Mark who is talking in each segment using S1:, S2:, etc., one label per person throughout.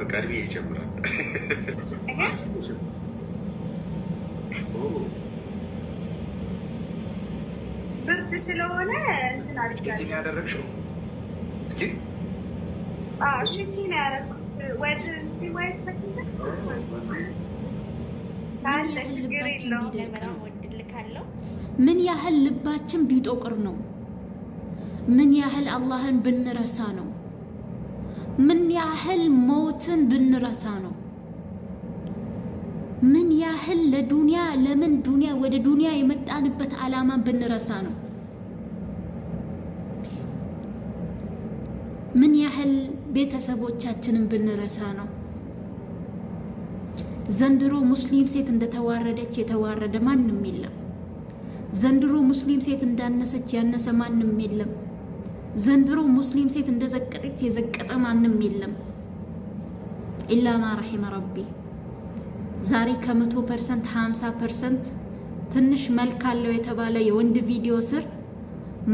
S1: በቃ እድሜ ይጀምራል።
S2: ብርድ ስለሆነ እንትን ያደረግሽው ሽቲ ነው ያደረግኩት።
S3: ምን ያህል ልባችን ቢጦቅር ነው? ምን ያህል አላህን ብንረሳ ነው? ምን ያህል ሞትን ብንረሳ ነው? ምን ያህል ለዱንያ ለምን ዱንያ ወደ ዱንያ የመጣንበት አላማ ብንረሳ ነው? ምን ያህል ቤተሰቦቻችንን ብንረሳ ነው? ዘንድሮ ሙስሊም ሴት እንደተዋረደች የተዋረደ ማንም የለም። ዘንድሮ ሙስሊም ሴት እንዳነሰች ያነሰ ማንም የለም። ዘንድሮ ሙስሊም ሴት እንደ ዘቀጠች የዘቀጠ ማንም የለም። ኢላ ማ ረሒመ ረቢ። ዛሬ ከመቶ ፐርሰንት ሀምሳ ፐርሰንት ትንሽ መልክ አለው የተባለ የወንድ ቪዲዮ ስር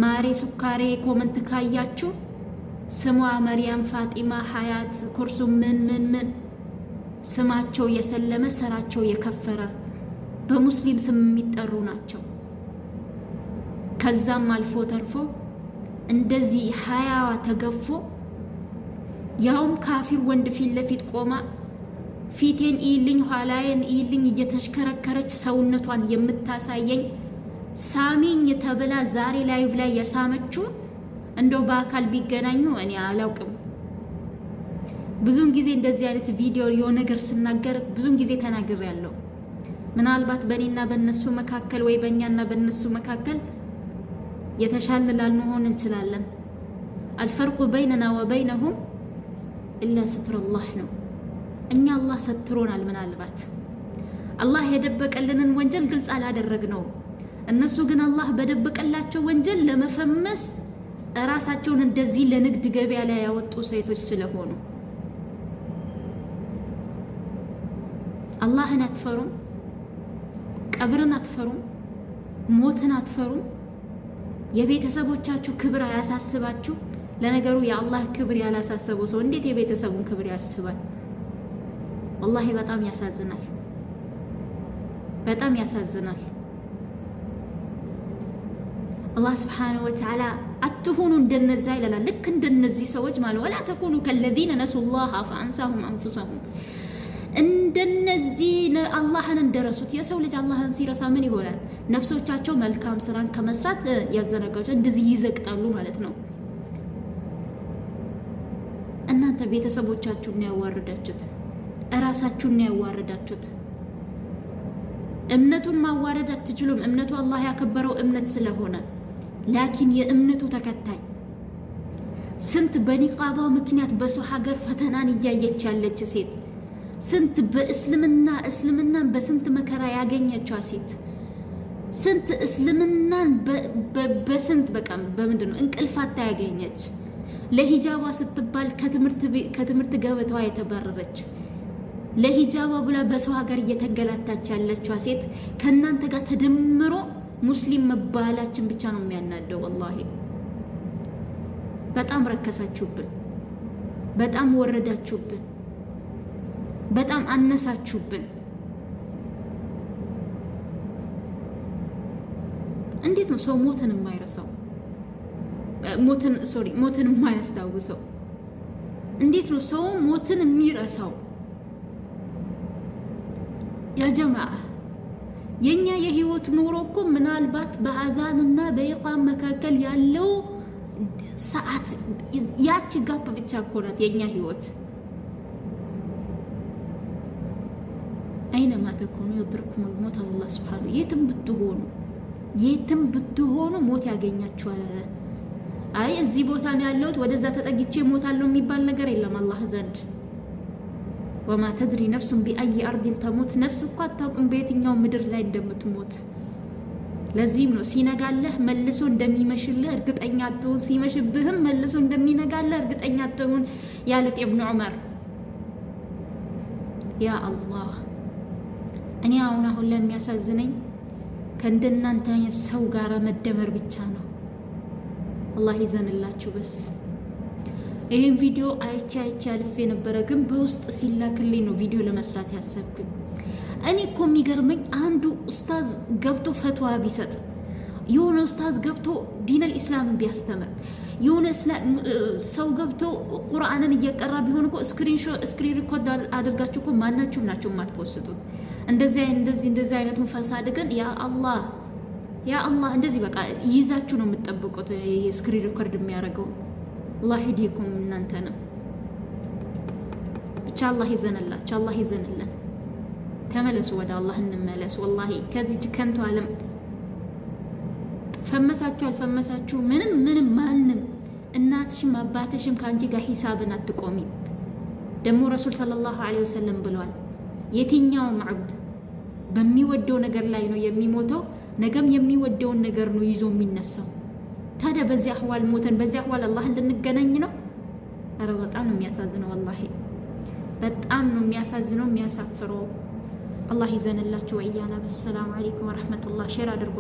S3: ማሬ ሱካሬ ኮመንት ካያችሁ ስሟ መርያም፣ ፋጢማ፣ ሀያት፣ ኩርሱም ምን ምን ምን ስማቸው የሰለመ ስራቸው የከፈረ በሙስሊም ስም የሚጠሩ ናቸው። ከዛም አልፎ ተርፎ እንደዚህ ሀያዋ ተገፎ ያውም ካፊር ወንድ ፊት ለፊት ቆማ ፊቴን ኢልኝ ኋላዬን ኢልኝ እየተሽከረከረች ሰውነቷን የምታሳየኝ ሳሚኝ ተብላ ዛሬ ላይቭ ላይ የሳመችው እንደው በአካል ቢገናኙ እኔ አላውቅም። ብዙን ጊዜ እንደዚህ አይነት ቪዲዮ የሆነ ነገር ስናገር ብዙን ጊዜ ተናግሬያለሁ። ምናልባት በእኔና በእነሱ መካከል ወይ በእኛና በእነሱ መካከል የተሻለ ላንሆን እንችላለን። አልፈርቁ በይነና ወበይነሁም ኢላ ስትሩላህ ነው። እኛ አላህ ሰትሮናል። ምናልባት አላህ የደበቀልንን ወንጀል ግልጽ አላደረግ ነው እነሱ ግን አላህ በደበቀላቸው ወንጀል ለመፈመስ እራሳቸውን እንደዚህ ለንግድ ገበያ ላይ ያወጡ ሴቶች ስለሆኑ አላህን አትፈሩም? ቀብርን አትፈሩም? ሞትን አትፈሩም? የቤተሰቦቻችሁ ክብር አያሳስባችሁ? ለነገሩ የአላህ ክብር ያላሳሰበው ሰው እንዴት የቤተሰቡን ክብር ያሳስባል? ወላሂ በጣም ያሳዝናል፣ በጣም ያሳዝናል። አላህ ስብሓነሁ ወተዓላ አትሆኑ እንደነዛ ይላል። ልክ እንደነዚህ ሰዎች ማለት ወላ ተኩኑ ከለዚነ ነሱላህ ፈአንሳሁም አንፉሰሁም እንደነዚህ አላህን እንደረሱት የሰው ልጅ አላህን ሲረሳ ምን ይሆናል? ነፍሶቻቸው መልካም ስራን ከመስራት ያዘነጋቸው እንደዚህ ይዘቅጣሉ ማለት ነው። እናንተ ቤተሰቦቻችሁን ነው ያዋረዳችሁት፣ እራሳችሁን ነው ያዋረዳችሁት። እምነቱን ማዋረድ አትችሉም። እምነቱ አላህ ያከበረው እምነት ስለሆነ ላኪን የእምነቱ ተከታይ ስንት በኒቃባ ምክንያት በሰው ሀገር ፈተናን እያየች ያለች ሴት ስንት በእስልምና እስልምናን በስንት መከራ ያገኘችዋ ሴት ስንት እስልምናን በስንት በቃ በምንድን ነው እንቅልፋታ ያገኘች ለሂጃባ ስትባል ከትምህርት ገበታዋ የተባረረች ለሂጃባ ብላ በሰው ሀገር እየተንገላታች ያለችዋ ሴት ከእናንተ ጋር ተደምሮ ሙስሊም መባላችን ብቻ ነው የሚያናደው። ወላሂ በጣም ረከሳችሁብን፣ በጣም ወረዳችሁብን። በጣም አነሳችሁብን። እንዴት ነው ሰው ሞትን የማይረሳው? ሞትን ሶሪ ሞትን የማያስታውሰው? እንዴት ነው ሰው ሞትን የሚረሳው? ያጀማአ የኛ የህይወት ኑሮ እኮ ምናልባት በአዛንና በኢቃም መካከል ያለው ሰዓት ያቺ ጋፕ ብቻ እኮ ናት የኛ ህይወት። አይነማ ተኩኑ የድርኩም ልሞት አላህ ስብሓኑ የትም ብትሆኑ የትም ብትሆኑ ሞት ያገኛችኋል። አይ እዚህ ቦታ ነው ያለሁት ወደዛ ተጠግቼ ሞታለሁ የሚባል ነገር የለም አላህ ዘንድ። ወማ ተድሪ ነፍሱን ቢአይ አርድን ተሞት ነፍስ እኮ አታውቅም በየትኛው ምድር ላይ እንደምትሞት። ለዚህም ነው ሲነጋለህ መልሶ እንደሚመሽልህ እርግጠኛ አትሆን፣ ሲመሽብህም መልሶ እንደሚነጋለህ እርግጠኛ አትሆን ያሉት ኢብኑ ዑመር ያ አላህ እኔ አሁን አሁን ለሚያሳዝነኝ ከእንደናንተ አይነት ሰው ጋር መደመር ብቻ ነው። አላህ ይዘንላችሁ። በስ ይህን ቪዲዮ አይቼ አይቼ አልፌ ነበረ፣ ግን በውስጥ ሲላክልኝ ነው ቪዲዮ ለመስራት ያሰብኩኝ። እኔ እኮ የሚገርመኝ አንዱ ኡስታዝ ገብቶ ፈትዋ ቢሰጥ የሆነ ኡስታዝ ገብቶ ዲነል ኢስላምን ቢያስተምር የሆነ ሰው ገብቶ ቁርአንን እየቀራ ቢሆን እኮ ስክሪን ሪኮርድ አድርጋችሁ እኮ ማናችሁም ናቸው የማትፖስቱት። እንደዚህ እንደዚህ እንደዚህ አይነቱን ፈሳድ ግን ያ አላህ ያ አላህ እንደዚህ በቃ ይዛችሁ ነው የምትጠብቁት። ይሄ ስክሪን ሪኮርድ የሚያደርገው አላህ ሂዲኩም እናንተ ነው ብቻ አላህ ይዘንላችሁ፣ አላህ ይዘንልን። ተመለሱ፣ ወደ አላህ እንመለስ። ወላሂ ከዚህ ከንቱ አለም ፈመሳችሁ አልፈመሳችሁ ምንም ምንም ማንም እናትሽም አባትሽም ከአንቺ ጋር ሂሳብን አትቆሚም። ደግሞ ረሱል ሰለላሁ ዐለይሂ ወሰለም ብለዋል፣ የትኛውም አብድ በሚወደው ነገር ላይ ነው የሚሞተው፣ ነገም የሚወደውን ነገር ነው ይዞ የሚነሳው። ታዲያ በዚህ አህዋል ሞተን በዚህ አህዋል አላህ እንድንገናኝ ነው? ኧረ በጣም ነው የሚያሳዝነው፣ ወላሂ በጣም ነው የሚያሳዝነው የሚያሳፍረው። አላህ ይዘንላችሁ ወእያና። በሰላም አለይኩም ወረሕመቱላህ። ሼር አድርጉ።